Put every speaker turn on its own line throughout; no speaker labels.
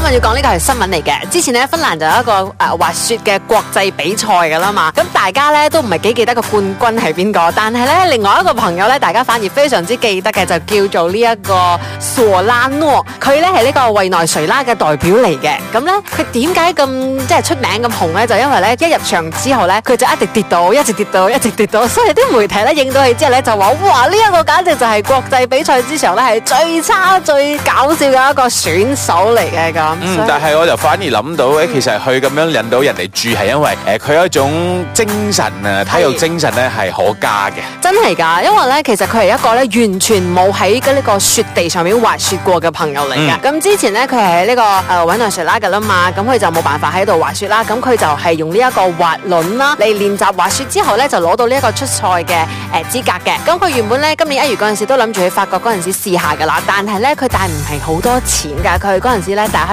今日要講呢個係新聞嚟嘅，之前呢，芬蘭就有一個誒、呃、滑雪嘅國際比賽噶啦嘛，咁大家咧都唔係幾記得個冠軍係邊個，但係咧另外一個朋友咧，大家反而非常之記得嘅就叫做呢一個 Solano，佢咧係呢個委內瑞拉嘅代表嚟嘅，咁咧佢點解咁即係出名咁紅咧？就因為咧一入場之後咧，佢就一直跌到，一直跌到，一直跌到。所以啲媒體咧影到佢之後咧就話哇呢一、這個簡直就係國際比賽之上咧係最差最搞笑嘅一個選手嚟嘅咁。嗯、但係我就反而諗到誒，嗯、其實佢咁樣引到人哋住，係因為誒佢、呃、一種精神啊，體育精神咧係可嘉嘅。真係噶，因為咧其實佢係一個咧完全冇喺呢個雪地上面滑雪過嘅朋友嚟噶。咁、嗯、之前咧佢係喺呢、這個誒委內瑞拉噶啦嘛，咁佢就冇辦法喺度滑雪啦。咁佢就係用呢一個滑輪啦嚟練習滑雪之後咧就攞到呢一個出賽嘅誒資格嘅。咁佢原本咧今年一月嗰陣時候都諗住去法國嗰陣時試下噶啦，但係咧佢帶唔係好多錢噶，佢嗰陣時咧帶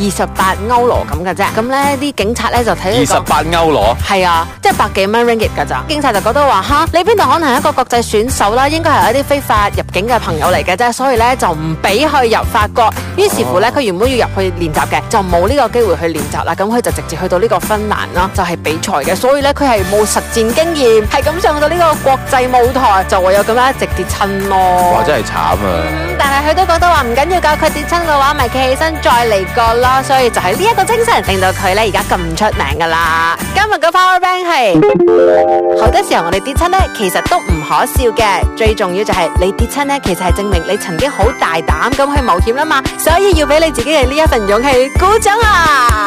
二十八歐羅咁嘅啫，咁呢啲警察呢，就睇到二十八歐羅。係啊，即係百幾蚊 ringgit 㗎咋？警察就覺得話嚇，你邊度可能係一個國際選手啦，應該係一啲非法入境嘅朋友嚟嘅啫，所以呢，就唔俾佢入法國。於是乎呢，佢、哦、原本要入去練習嘅，就冇呢個機會去練習啦。咁佢就直接去到呢個芬蘭啦，就係、是、比賽嘅，所以呢，佢係冇實戰經驗，係咁上到呢個國際舞台就會有咁樣直跌跌親咯。哇！真係慘啊、嗯！但係佢都覺得話唔緊要㗎，佢跌親嘅話，咪企起身再嚟過啦。所以就係呢一個精神令到佢咧，而家咁出名噶啦。今日嘅 Power Bank 係好多時候我哋跌親咧，其實都唔可笑嘅。最重要就係你跌親咧，其實係證明你曾經好大膽咁去冒險啊嘛。所以要俾你自己嘅呢一份勇氣，鼓掌啊！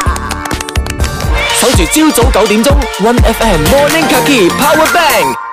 守住朝早九點鐘，One FM Morning Kaki Power Bank。